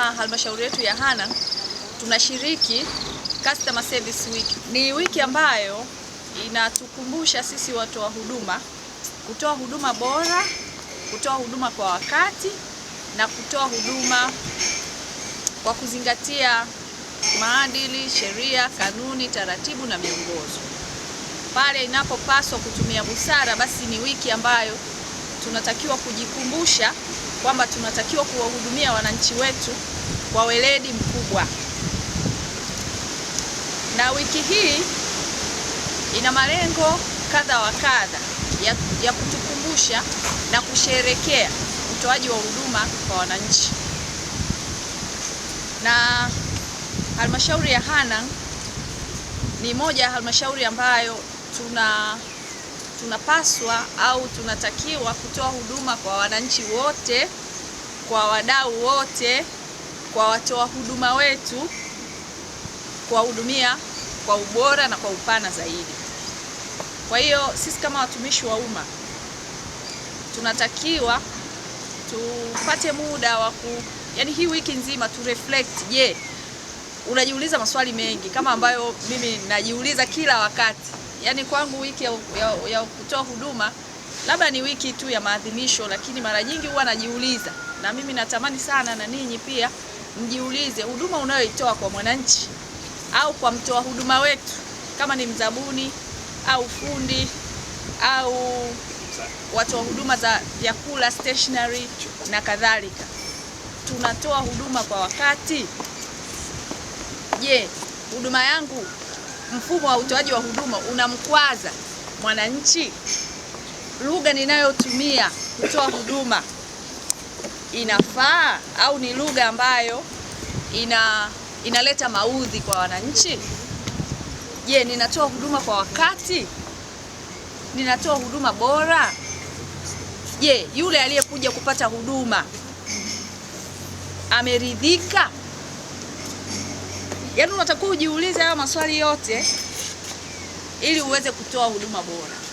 kama halmashauri yetu ya Hana tunashiriki Customer Service Week. Ni wiki ambayo inatukumbusha sisi watoa huduma kutoa huduma bora, kutoa huduma kwa wakati na kutoa huduma kwa kuzingatia maadili, sheria, kanuni, taratibu na miongozo. Pale inapopaswa kutumia busara, basi ni wiki ambayo tunatakiwa kujikumbusha kwamba tunatakiwa kuwahudumia wananchi wetu kwa weledi mkubwa. Na wiki hii ina malengo kadha wa kadha ya, ya kutukumbusha na kusherekea utoaji wa huduma kwa wananchi. Na halmashauri ya Hanang' ni moja ya halmashauri ambayo tuna tunapaswa au tunatakiwa kutoa huduma kwa wananchi wote, kwa wadau wote, kwa watoa huduma wetu, kuwahudumia kwa ubora na kwa upana zaidi. Kwa hiyo sisi kama watumishi wa umma tunatakiwa tupate muda wa ku, yani hii wiki nzima tu reflect. Je, yeah, unajiuliza maswali mengi kama ambayo mimi najiuliza kila wakati yani kwangu wiki ya, ya, ya kutoa huduma labda ni wiki tu ya maadhimisho, lakini mara nyingi huwa najiuliza, na mimi natamani sana na ninyi pia mjiulize, huduma unayoitoa kwa mwananchi au kwa mtoa huduma wetu, kama ni mzabuni au fundi au watoa huduma za vyakula stationery na kadhalika, tunatoa huduma kwa wakati? Je, huduma yangu mfumo wa utoaji wa huduma unamkwaza mwananchi. Lugha ninayotumia kutoa huduma inafaa au ni lugha ambayo ina inaleta maudhi kwa wananchi? Je, ninatoa huduma kwa wakati? Ninatoa huduma bora? Je, yule aliyekuja kupata huduma ameridhika? Yaani unatakiwa ujiulize haya maswali yote ili uweze kutoa huduma bora.